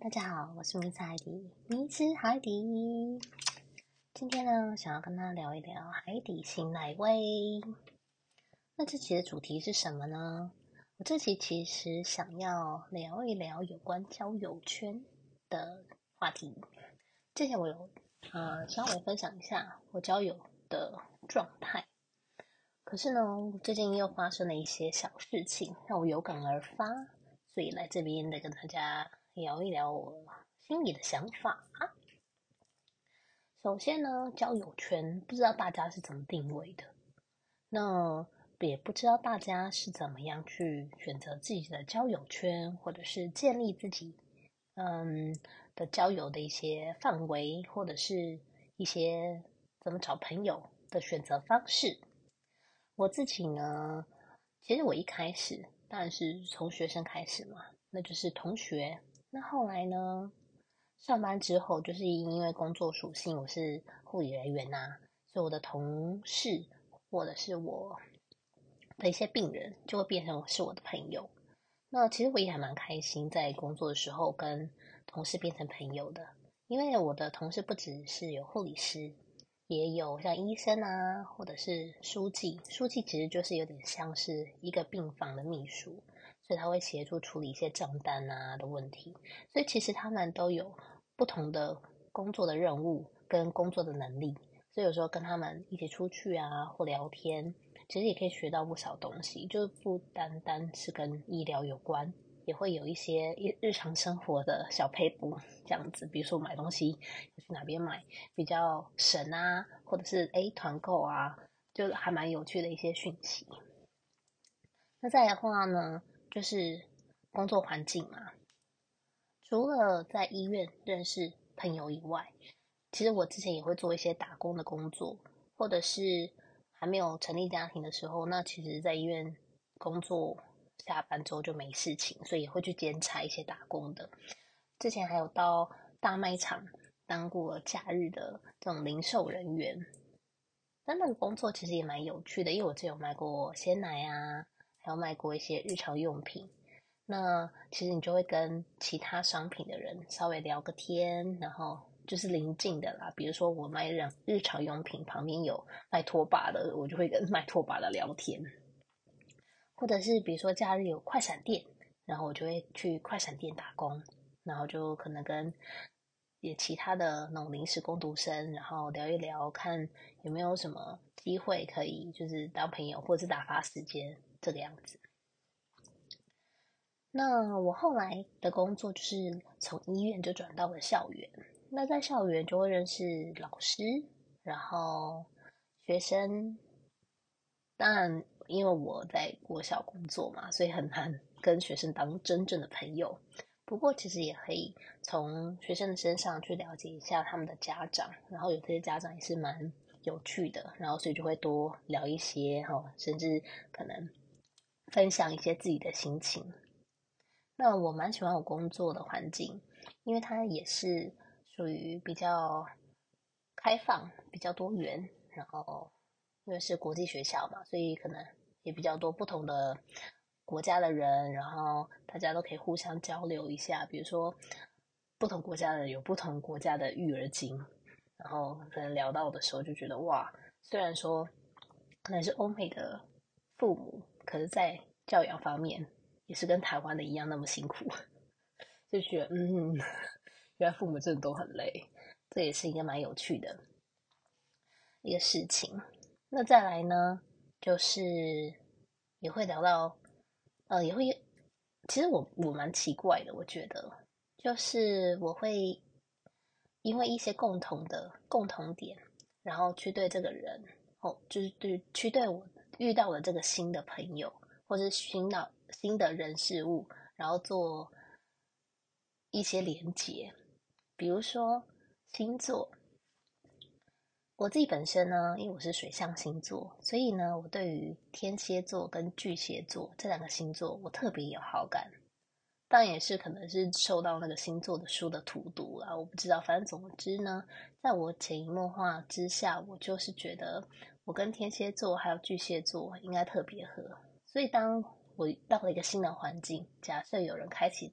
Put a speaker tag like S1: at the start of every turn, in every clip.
S1: 大家好，我是迷彩海底，迷之海底。今天呢，想要跟大家聊一聊海底心內話。那這期的主題是什麼呢？我這期其實想要聊一聊有關交友圈的話題。之前我有呃稍微分享一下我交友的狀態，可是呢，最近又發生了一些小事情，讓我有感而發，所以來這邊來跟大家。聊一聊我心裡的想法啊。首先呢，交友圈不知道大家是怎麼定位的，那也不知道大家是怎麼樣去選擇自己的交友圈，或者是建立自己嗯的交友的一些範圍，或者是一些怎麼找朋友的選擇方式。我自己呢，其實我一開始當然是從學生開始嘛，那就是同學。那後來呢？上班之後，就是因為工作屬性，我是護理人員吶、啊，所以我的同事或者是我的一些病人，就會變成我是我的朋友。那其實我也還蠻開心，在工作的時候跟同事變成朋友的，因為我的同事不只是有護理師，也有像醫生啊，或者是書記。書記其實就是有點像是一個病房的秘書。所以他會協助處理一些賬單啊的問題，所以其實他們都有不同的工作的任務跟工作的能力，所以有時候跟他們一起出去啊或聊天，其實也可以學到不少東西，就不單單是跟醫療有關，也會有一些日常生活的小撇步這樣子，比如說買東西要去哪邊買比較省啊，或者是哎團購啊，就還蠻有趣的一些訊息。那再來的話呢？就是工作環境嘛，除了在醫院認識朋友以外，其實我之前也會做一些打工的工作，或者是還沒有成立家庭的時候，那其實在醫院工作下班之後就沒事情，所以也會去兼差一些打工的。之前還有到大賣場當過假日的這種零售人員，那那個工作其實也蠻有趣的，因為我之前有賣過鮮奶啊。要賣過一些日常用品，那其實你就會跟其他商品的人稍微聊個天，然後就是鄰近的啦。比如說我賣日日常用品，旁邊有賣拖把的，我就會跟賣拖把的聊天；或者是比如說假日有快閃店，然後我就會去快閃店打工，然後就可能跟也其他的那種臨時工讀生，然後聊一聊，看有沒有什麼機會可以就是當朋友，或者是打發時間。這個樣子。那我後來的工作就是從醫院就轉到了校園。那在校園就會認識老師，然後學生。當然，因為我在國小工作嘛，所以很難跟學生當真正的朋友。不過，其實也可以從學生的身上去了解一下他們的家長，然後有些家長也是蠻有趣的，然後所以就會多聊一些哈，甚至可能。分享一些自己的心情。那我蠻喜歡我工作的環境，因為它也是屬於比較開放、比較多元。然後因為是國際學校嘛，所以可能也比較多不同的國家的人，然後大家都可以互相交流一下。比如說不同國家的人有不同國家的育兒經，然後可能聊到的時候就覺得哇，雖然說可能是歐美的父母。可是，在教養方面也是跟台灣的一樣那麼辛苦，就覺得嗯，原來父母真的都很累，這也是一個蠻有趣的，一個事情。那再來呢，就是也會聊到，呃，也會其實我我蠻奇怪的，我覺得就是我會因為一些共同的共同點，然後去對這個人哦，就是對，去對我。遇到了這個新的朋友，或是尋找新的人事物，然後做一些連接。比如說星座，我自己本身呢，因為我是水象星座，所以呢，我對於天蠍座跟巨蟹座這兩個星座，我特別有好感。但也是可能是受到那個星座的書的荼毒啊，我不知道，反正總之呢，在我潛移默化之下，我就是覺得。我跟天蠍座還有巨蟹座應該特別合，所以當我到了一個新的環境，假設有人開啟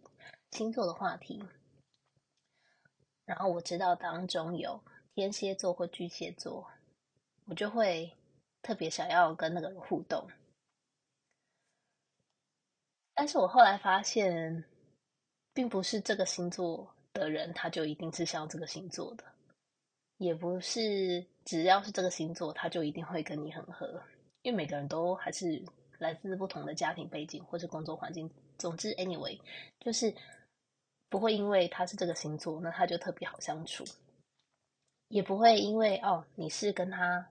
S1: 星座的話題，然後我知道當中有天蠍座或巨蟹座，我就會特別想要跟那個人互動。但是我後來發現，並不是這個星座的人，他就一定是像這個星座的。也不是只要是這個星座，他就一定會跟你很合，因為每個人都還是來自不同的家庭背景或是工作環境。總之，anyway，就是不會因為他是這個星座，那他就特別好相處；也不會因為哦你是跟他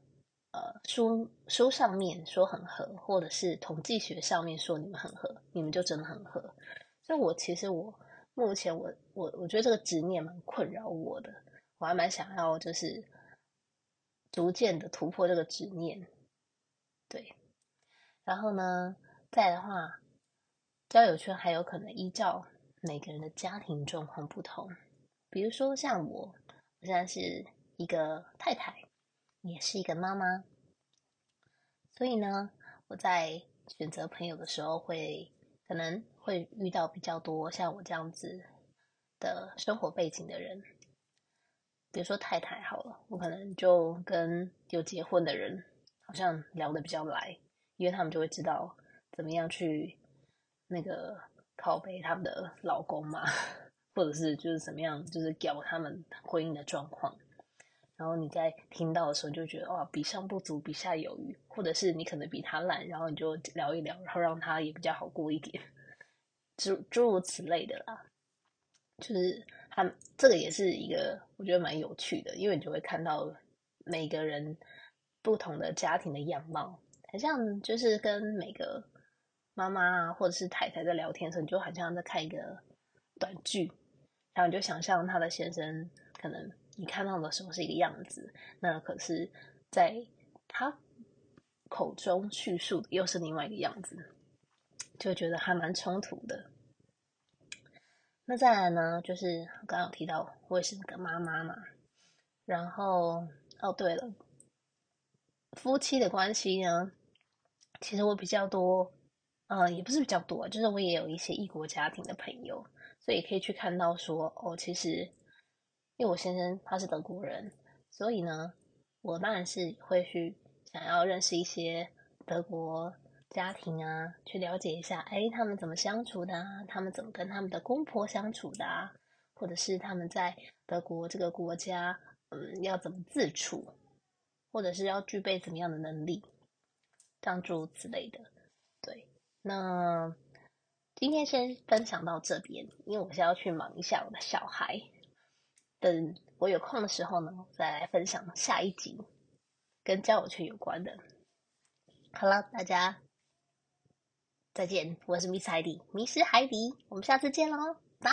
S1: 呃書書上面說很合，或者是統計學上面說你們很合，你們就真的很合。所以，我其實我目前我我我覺得這個執念蠻困擾我的。我還蠻想要，就是逐漸的突破這個執念，對。然後呢，再的話，交友圈還有可能依照每個人的家庭狀況不同。比如說，像我，我現在是一個太太，也是一個媽媽，所以呢，我在選擇朋友的時候，會可能會遇到比較多像我這樣子的生活背景的人。別說太太好了，我可能就跟有結婚的人好像聊得比較來，因為他們就會知道怎麼樣去那個靠北他們的老公嘛，或者是就是怎麼樣就是聊他們婚姻的狀況，然後你在聽到的時候就覺得哇，比上不足，比下有餘，或者是你可能比他懶，然後你就聊一聊，然後讓他也比較好過一點，諸諸如此類的啦，就是。他這個也是一個，我覺得蠻有趣的，因為你就會看到每個人不同的家庭的樣貌，很像就是跟每個媽媽啊或者是太太在聊天的時候，你就好像在看一個短劇，然後你就想象他的先生，可能你看到的時候是一個樣子，那可是在他口中敘述的又是另外一個樣子，就覺得還蠻衝突的。那再來呢，就是剛剛有提到我也是個媽媽嘛，然後哦對了，夫妻的關係呢，其實我比較多，呃，也不是比較多，就是我也有一些異國家庭的朋友，所以可以去看到說，哦，其實因為我先生他是德國人，所以呢，我當然是會去想要認識一些德國家庭啊，去了解一下，哎，他們怎麼相處的啊？他們怎麼跟他們的公婆相處的啊？或者是他們在德國這個國家，嗯，要怎麼自處？或者是要具備怎麼樣的能力？諸如此類的。對，那今天先分享到這邊，因為我是要去忙一下我的小孩。等我有空的時候呢，再來分享下一集跟交友圈有關的。好了，大家。再見，我是迷失海底，迷失海底，我們下次見嘍，拜。